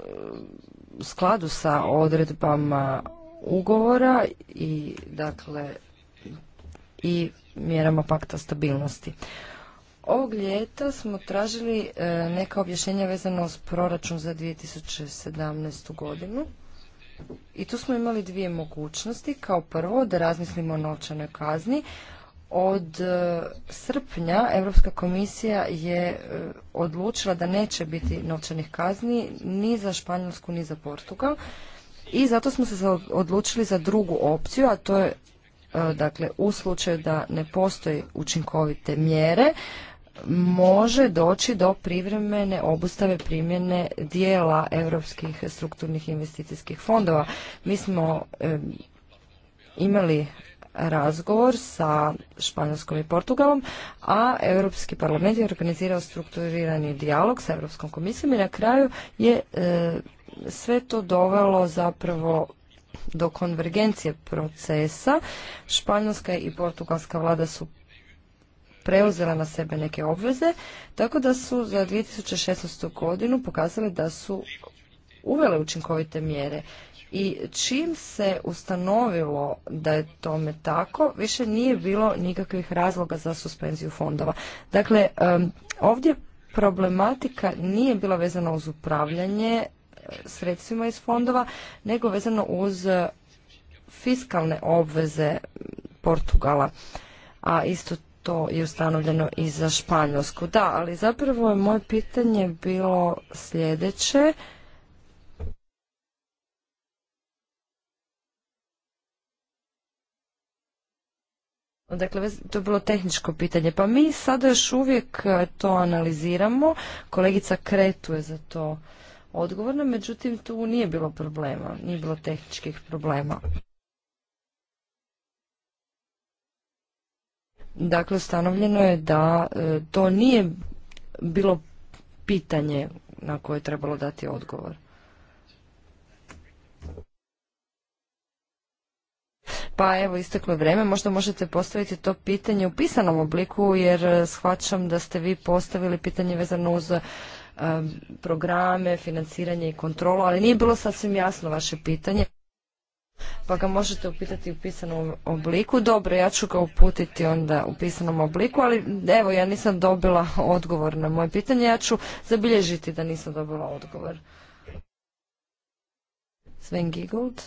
B: skladu sa odredbama ugovora i dakle i mjerama pakta stabilnosti. Ovog ljeta smo tražili e, neka objašnjenja vezano s proračun za 2017. godinu. I tu smo imali dvije mogućnosti. Kao prvo da razmislimo o novčanoj kazni. Od e, srpnja Europska komisija je e, odlučila da neće biti novčanih kazni ni za Španjolsku ni za Portugal. I zato smo se odlučili za drugu opciju, a to je E, dakle u slučaju da ne postoji učinkovite mjere, može doći do privremene obustave primjene dijela europskih strukturnih investicijskih fondova. Mi smo imali razgovor sa Španjolskom i Portugalom, a Europski parlament je organizirao strukturirani dijalog sa Europskom komisijom i na kraju je e, sve to dovelo zapravo do konvergencije procesa. Španjolska i portugalska vlada su preuzela na sebe neke obveze, tako da su za 2016. godinu pokazali da su uvele učinkovite mjere. I čim se ustanovilo da je tome tako, više nije bilo nikakvih razloga za suspenziju fondova. Dakle, ovdje problematika nije bila vezana uz upravljanje sredstvima iz fondova, nego vezano uz e, fiskalne obveze Portugala. A isto to je ustanovljeno i za Španjolsku. Da, ali zapravo je moje pitanje bilo sljedeće. Dakle, to je bilo tehničko pitanje. Pa mi sada još uvijek e, to analiziramo. Kolegica Kretu je za to odgovorna, međutim tu nije bilo problema, nije bilo tehničkih problema. Dakle, ustanovljeno je da e, to nije bilo pitanje na koje je trebalo dati odgovor. Pa evo, isteklo je vreme, možda možete postaviti to pitanje u pisanom obliku, jer shvaćam da ste vi postavili pitanje vezano uz programe, financiranje i kontrolu, ali nije bilo sasvim jasno vaše pitanje. Pa ga možete upitati u pisanom obliku. Dobro, ja ću ga uputiti onda u pisanom obliku, ali evo, ja nisam dobila odgovor na moje pitanje. Ja ću zabilježiti da nisam dobila odgovor. Sven gigold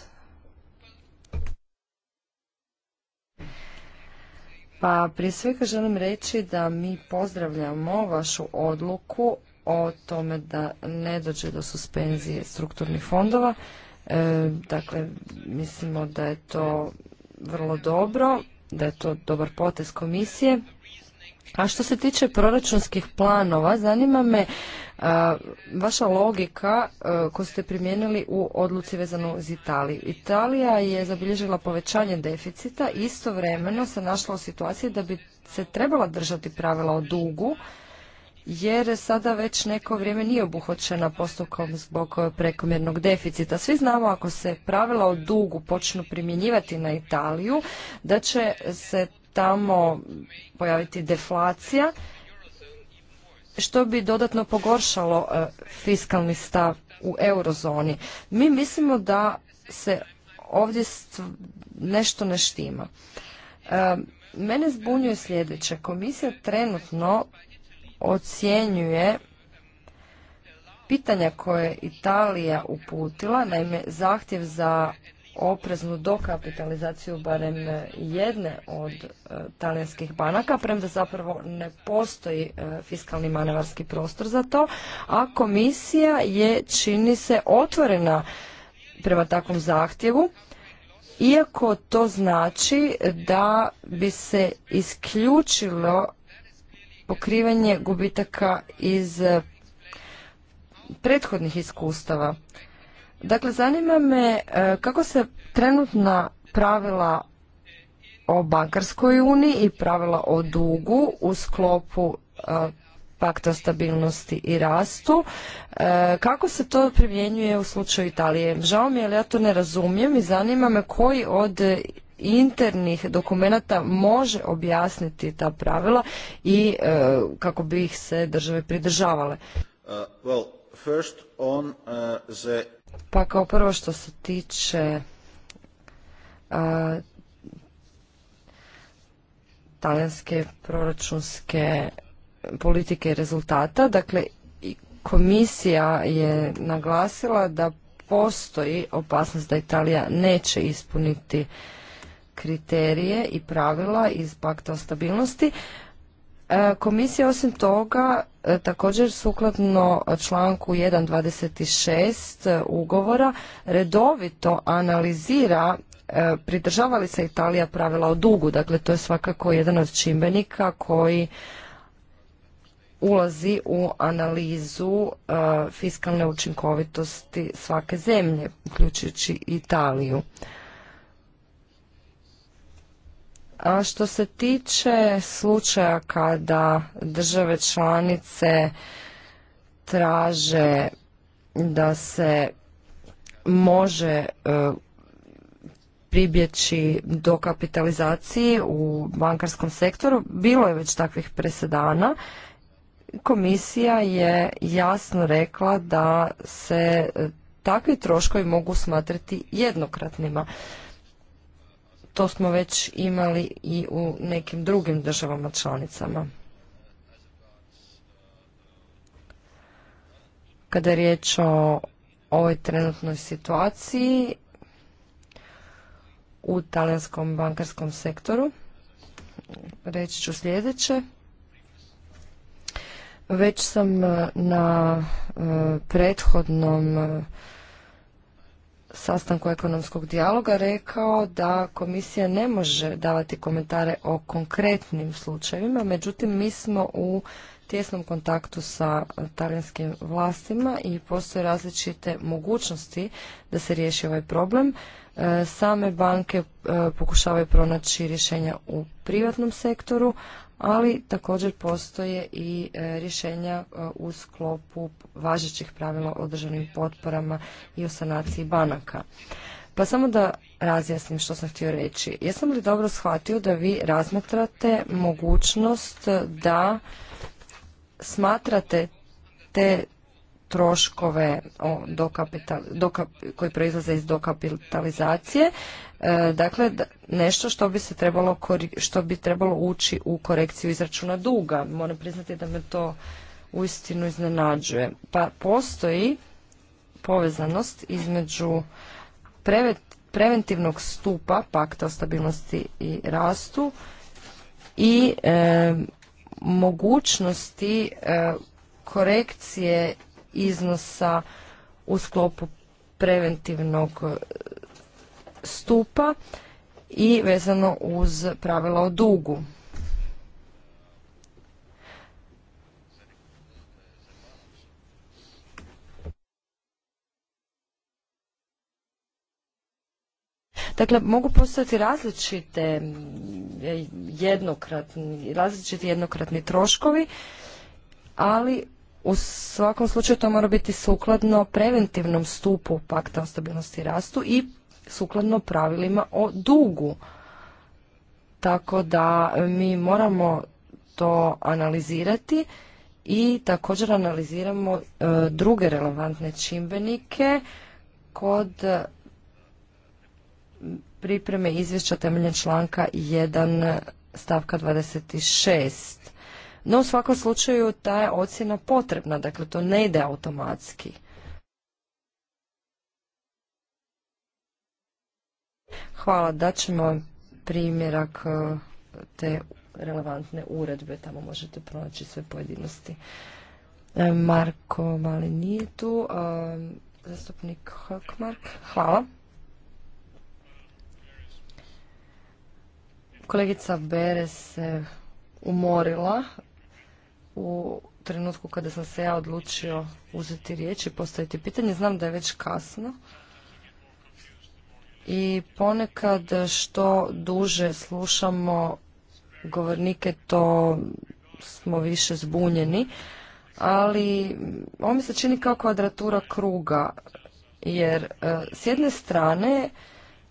B: Pa prije svega želim reći da mi pozdravljamo vašu odluku o tome da ne dođe do suspenzije strukturnih fondova. E, dakle, mislimo da je to vrlo dobro, da je to dobar potez komisije. A što se tiče proračunskih planova, zanima me e, vaša logika e, koju ste primijenili u odluci vezano uz Italiju. Italija je zabilježila povećanje deficita, istovremeno se našla u situaciji da bi se trebala držati pravila o dugu, jer sada već neko vrijeme nije obuhvaćena postupkom zbog prekomjernog deficita. Svi znamo ako se pravila o dugu počnu primjenjivati na Italiju, da će se tamo pojaviti deflacija, što bi dodatno pogoršalo e, fiskalni stav u eurozoni. Mi mislimo da se ovdje nešto ne štima. E, mene zbunjuje sljedeće. Komisija trenutno ocjenjuje pitanja koje Italija uputila, naime zahtjev za opreznu dokapitalizaciju barem jedne od e, talijanskih banaka, premda zapravo ne postoji e, fiskalni manevarski prostor za to, a komisija je, čini se, otvorena prema takvom zahtjevu, iako to znači da bi se isključilo pokrivanje gubitaka iz eh, prethodnih iskustava. Dakle, zanima me eh, kako se trenutna pravila o bankarskoj uniji i pravila o dugu u sklopu eh, pakta stabilnosti i rastu. kako se to primjenjuje u slučaju Italije? Žao mi je, ali ja to ne razumijem i zanima me koji od internih dokumenata može objasniti ta pravila i e, kako bi ih se države pridržavale.
C: Uh, uh,
B: pa kao prvo što se tiče uh, talijanske proračunske politike i rezultata, dakle komisija je naglasila da postoji opasnost da Italija neće ispuniti kriterije i pravila iz pakta o stabilnosti. E, komisija osim toga e, također sukladno članku 1.26 e, ugovora redovito analizira pridržava li se Italija pravila o dugu. Dakle, to je svakako jedan od čimbenika koji ulazi u analizu fiskalne učinkovitosti svake zemlje, uključujući Italiju. A što se tiče slučaja kada države članice traže da se može e, pribjeći do kapitalizaciji u bankarskom sektoru, bilo je već takvih presedana. Komisija je jasno rekla da se e, takvi troškovi mogu smatrati jednokratnima to smo već imali i u nekim drugim državama članicama. Kada je riječ o ovoj trenutnoj situaciji u talijanskom bankarskom sektoru, reći ću sljedeće. Već sam eh, na eh, prethodnom sastanku ekonomskog dijaloga rekao da komisija ne može davati komentare o konkretnim slučajevima, međutim mi smo u tjesnom kontaktu sa talijanskim vlastima i postoje različite mogućnosti da se riješi ovaj problem. E, same banke e, pokušavaju pronaći rješenja u privatnom sektoru, ali također postoje i e, rješenja u sklopu važećih pravila o državnim potporama i o sanaciji banaka. Pa samo da razjasnim što sam htio reći. Jesam li dobro shvatio da vi razmatrate mogućnost da smatrate te troškove koji proizlaze iz dokapitalizacije. E, dakle, nešto što bi se trebalo, što bi trebalo ući u korekciju izračuna duga. Moram priznati da me to uistinu iznenađuje. Pa postoji povezanost između preventivnog stupa pakta o stabilnosti i rastu i e, mogućnosti e, korekcije iznosa u sklopu preventivnog e, stupa i vezano uz pravila o dugu. Dakle, mogu postojati različite e, jednokratni, različiti jednokratni troškovi, ali u svakom slučaju to mora biti sukladno preventivnom stupu pakta o stabilnosti i rastu i sukladno pravilima o dugu. Tako da e, mi moramo to analizirati i također analiziramo e, druge relevantne čimbenike kod pripreme izvješća temeljem članka 1 stavka 26. No u svakom slučaju ta je ocjena potrebna, dakle to ne ide automatski. Hvala, da ćemo primjerak e, te relevantne uredbe, tamo možete pronaći sve pojedinosti. E, Marko Mali nije tu, e, zastupnik Hokmark, hvala. Kolegica Bere se umorila u trenutku kada sam se ja odlučio uzeti riječ i postaviti pitanje. Znam da je već kasno i ponekad što duže slušamo govornike to smo više zbunjeni, ali ovo mi se čini kao kvadratura kruga jer e, s jedne strane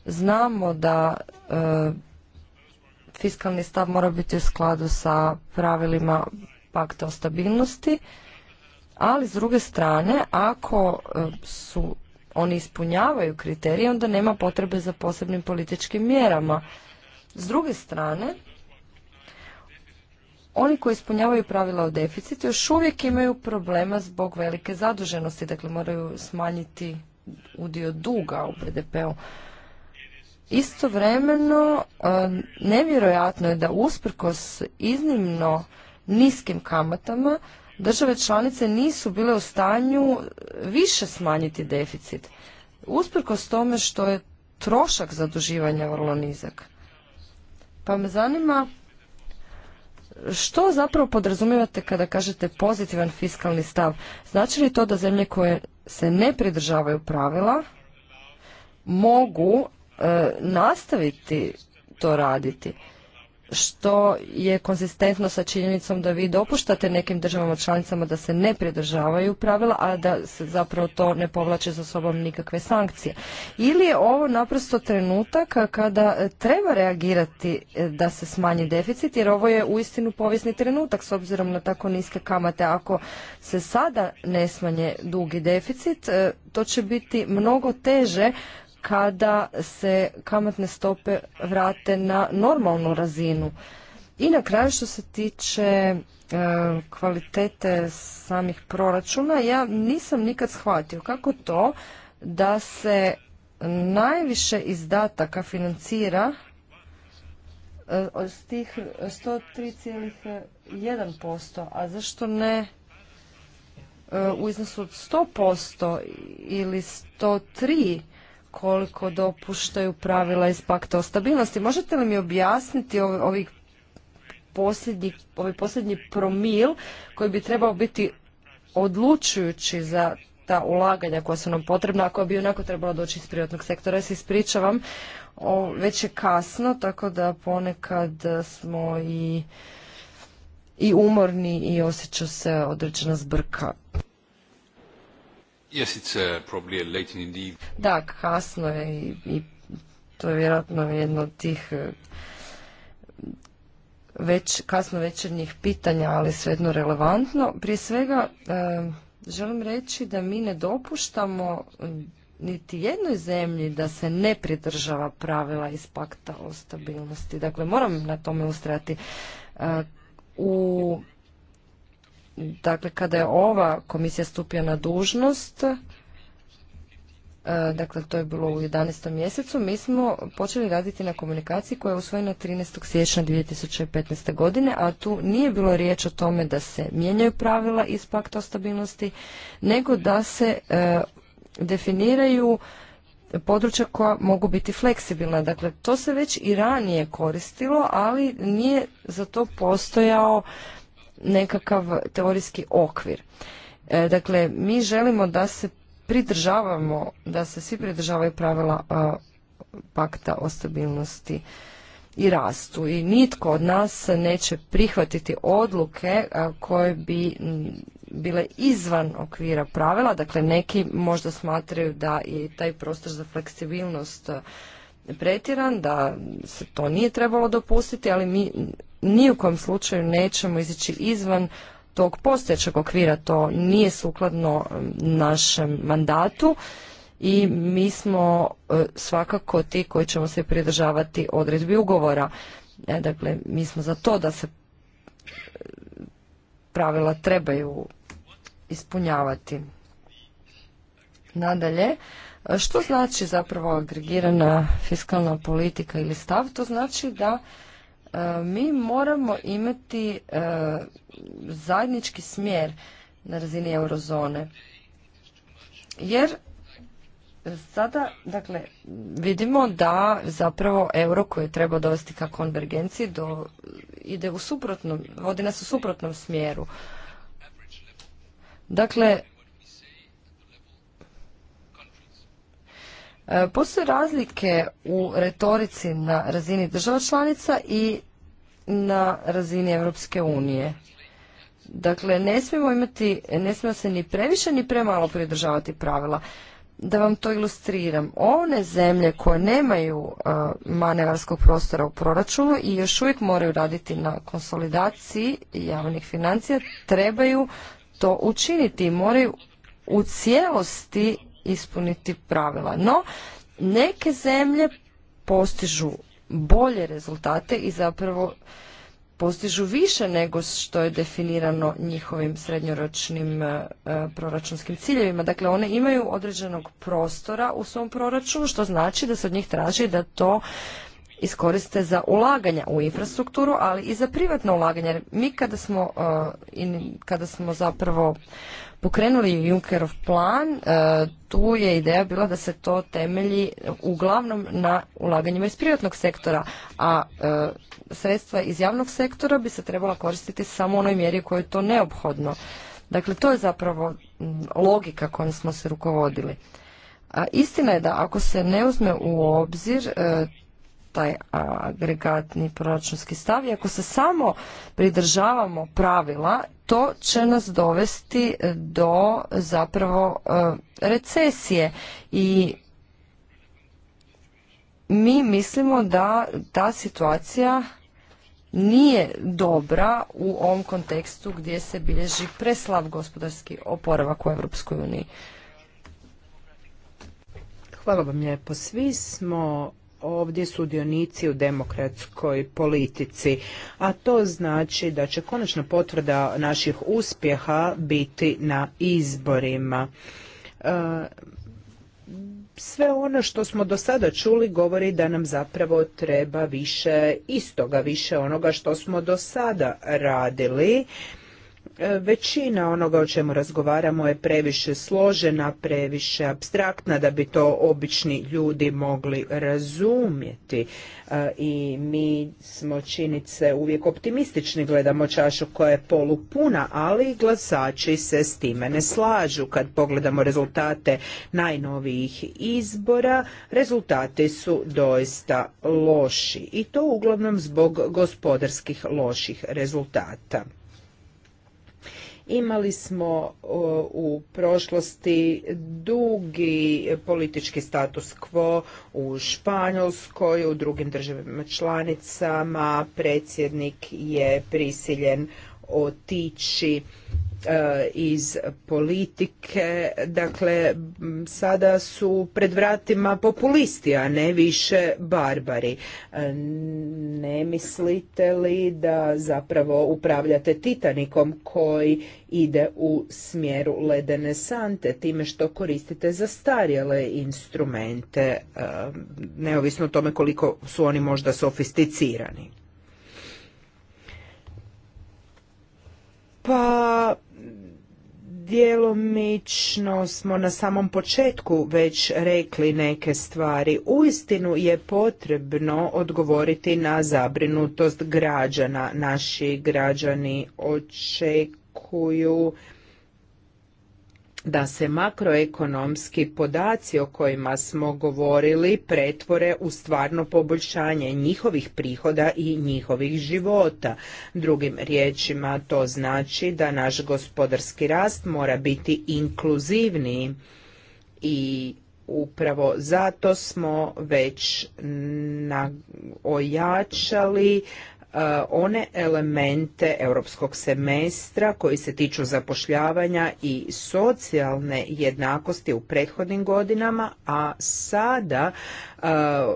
B: znamo da e, fiskalni stav mora biti u skladu sa pravilima pakta o stabilnosti, ali s druge strane, ako e, su oni ispunjavaju kriterije, onda nema potrebe za posebnim političkim mjerama. S druge strane, oni koji ispunjavaju pravila o deficitu još uvijek imaju problema zbog velike zaduženosti, dakle moraju smanjiti udio duga u BDP-u. Istovremeno, e, nevjerojatno je da usprkos iznimno niskim kamatama države članice nisu bile u stanju više smanjiti deficit. Usprkos tome što je trošak zaduživanja vrlo nizak. Pa me zanima što zapravo podrazumijevate kada kažete pozitivan fiskalni stav? Znači li to da zemlje koje se ne pridržavaju pravila mogu e, nastaviti to raditi? što je konzistentno sa činjenicom da vi dopuštate nekim državama članicama da se ne pridržavaju pravila, a da se zapravo to ne povlače za sobom nikakve sankcije. Ili je ovo naprosto trenutak kada treba reagirati e, da se smanji deficit, jer ovo je uistinu povijesni trenutak s obzirom na tako niske kamate. Ako se sada ne smanje dugi deficit, e, to će biti mnogo teže kada se kamatne stope vrate na normalnu razinu. I na kraju što se tiče e, kvalitete samih proračuna, ja nisam nikad shvatio kako to da se najviše izdataka financira e, od tih 103,1%, a zašto ne e, u iznosu od 100% ili 103 koliko dopuštaju pravila iz pakta o stabilnosti. Možete li mi objasniti ovih posljednji, ovaj posljednji promil koji bi trebao biti odlučujući za ta ulaganja koja su nam potrebna, a koja bi onako trebala doći iz privatnog sektora. Ja se ispričavam, već je kasno, tako da ponekad smo i, i umorni i osjeća se određena zbrka. Uh, da, kasno je i, to je vjerojatno jedno od tih e, kasno večernjih pitanja, ali svejedno relevantno. Prije svega e, želim reći da mi ne dopuštamo e, niti jednoj zemlji da se ne pridržava pravila iz pakta o stabilnosti. Dakle, moram na tome ustrati. u Dakle, kada je ova komisija stupila na dužnost, e, dakle to je bilo u 11. mjesecu, mi smo počeli raditi na komunikaciji koja je usvojena 13. siječnja 2015. godine, a tu nije bilo riječ o tome da se mijenjaju pravila iz pakta o stabilnosti, nego da se e, definiraju područja koja mogu biti fleksibilna. Dakle, to se već i ranije koristilo, ali nije za to postojao nekakav teorijski okvir. E, dakle, mi želimo da se pridržavamo, da se svi pridržavaju pravila pakta o stabilnosti i rastu. I nitko od nas neće prihvatiti odluke koje bi bile izvan okvira pravila. Dakle, neki možda smatraju da i taj prostor za fleksibilnost pretjeran, da se to nije trebalo dopustiti, ali mi ni u kojem slučaju nećemo izići izvan tog postojećeg okvira. To nije sukladno um, našem mandatu i mi smo uh, svakako ti koji ćemo se pridržavati odredbi ugovora. E, dakle, mi smo za to da se uh, pravila trebaju ispunjavati. Nadalje, što znači zapravo agregirana fiskalna politika ili stav? To znači da e, mi moramo imati e, zajednički smjer na razini eurozone. Jer sada, dakle, vidimo da zapravo euro koje treba dovesti ka konvergenciji do, ide u suprotnom, vodi nas u suprotnom smjeru. Dakle, E, postoje razlike u retorici na razini država članica i na razini Europske unije. Dakle, ne smijemo imati, ne smijemo se ni previše ni premalo pridržavati pravila. Da vam to ilustriram, one zemlje koje nemaju e, manevarskog prostora u proračunu i još uvijek moraju raditi na konsolidaciji javnih financija, trebaju to učiniti i moraju u cijelosti ispuniti pravila. No, neke zemlje postižu bolje rezultate i zapravo postižu više nego što je definirano njihovim srednjoročnim e, proračunskim ciljevima. Dakle, one imaju određenog prostora u svom proračunu, što znači da se od njih traži da to iskoriste za ulaganja u infrastrukturu, ali i za privatno ulaganje. Mi kada smo, e, kada smo zapravo pokrenuli Junckerov plan, e, tu je ideja bila da se to temelji uglavnom na ulaganjima iz privatnog sektora, a e, sredstva iz javnog sektora bi se trebala koristiti samo u onoj mjeri kojoj je to neophodno. Dakle, to je zapravo logika kojom smo se rukovodili. istina je da ako se ne uzme u obzir e, taj agregatni proračunski stav i ako se samo pridržavamo pravila, to će nas dovesti do zapravo e, recesije i mi mislimo da ta situacija nije dobra u ovom kontekstu gdje se bilježi preslav gospodarski oporavak u Europskoj uniji.
A: Hvala vam lijepo. Svi smo ovdje sudionici u demokratskoj politici, a to znači da će konačna potvrda naših uspjeha biti na izborima. E, sve ono što smo do sada čuli govori da nam zapravo treba više istoga, više onoga što smo do sada radili E, većina onoga o čemu razgovaramo je previše složena, previše abstraktna da bi to obični ljudi mogli razumjeti. E, I mi smo činice uvijek optimistični, gledamo čašu koja je polupuna, ali glasači se s time ne slažu. Kad pogledamo rezultate najnovijih izbora, rezultati su doista loši i to uglavnom zbog gospodarskih loših rezultata. Imali smo u prošlosti dugi politički status quo u Španjolskoj, u drugim državama članicama. Predsjednik je prisiljen otići E, iz politike. Dakle, sada su pred vratima populisti, a ne više barbari. E, ne mislite li da zapravo upravljate Titanikom koji ide u smjeru ledene sante, time što koristite zastarjele instrumente, e, neovisno o tome koliko su oni možda sofisticirani? Pa djelomično smo na samom početku već rekli neke stvari. Uistinu je potrebno odgovoriti na zabrinutost građana. Naši građani očekuju da se makroekonomski podaci o kojima smo govorili pretvore u stvarno poboljšanje njihovih prihoda i njihovih života. Drugim riječima to znači da naš gospodarski rast mora biti inkluzivniji i upravo zato smo već ojačali one elemente europskog semestra koji se tiču zapošljavanja i socijalne jednakosti u prethodnim godinama, a sada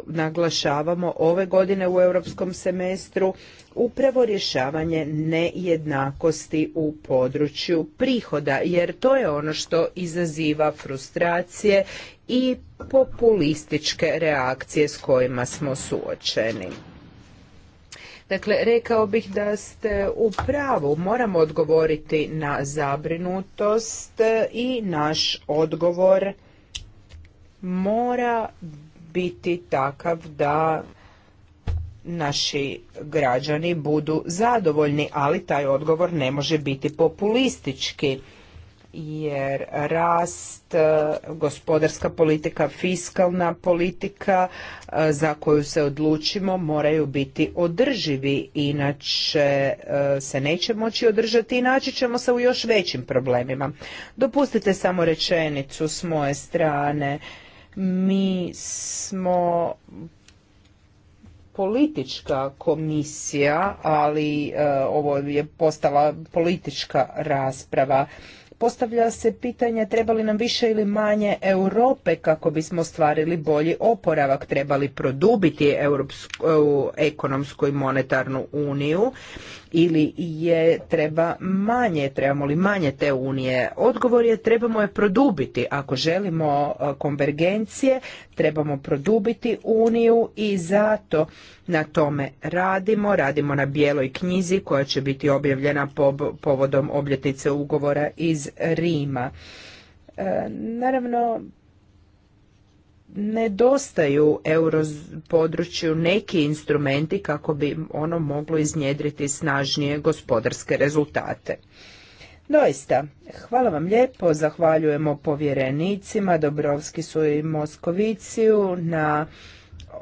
A: naglašavamo ove godine u europskom semestru upravo rješavanje nejednakosti u području prihoda, jer to je ono što izaziva frustracije i populističke reakcije s kojima smo suočeni. Dakle, rekao bih da ste u pravu, moramo odgovoriti na zabrinutost i naš odgovor mora biti takav da naši građani budu zadovoljni, ali taj odgovor ne može biti populistički jer rast, e, gospodarska politika, fiskalna politika e, za koju se odlučimo moraju biti održivi, inače e, se neće moći održati i naći ćemo se u još većim problemima. Dopustite samo rečenicu s moje strane. Mi smo politička komisija, ali ovo je postala politička rasprava. Postavlja se pitanje treba li nam više ili manje Europe kako bismo stvarili bolji oporavak, trebali produbiti Europsku ekonomsku i monetarnu uniju ili je treba manje, trebamo li manje te unije? Odgovor je trebamo je produbiti. Ako želimo e, konvergencije, trebamo produbiti uniju i zato na tome radimo. Radimo na bijeloj knjizi koja će biti objavljena povodom obljetnice ugovora iz Rima. E, naravno, nedostaju euro području neki instrumenti kako bi ono moglo iznjedriti snažnije gospodarske rezultate. Doista, hvala vam lijepo, zahvaljujemo povjerenicima Dobrovski su i Moskoviciju na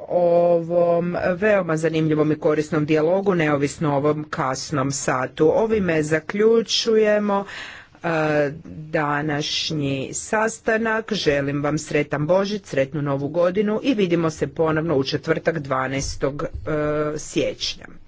A: ovom veoma zanimljivom i korisnom dijalogu, neovisno o ovom kasnom satu. Ovime zaključujemo E, današnji sastanak. Želim vam sretan Božić, sretnu Novu godinu i vidimo se ponovno u četvrtak 12. E, siječnja.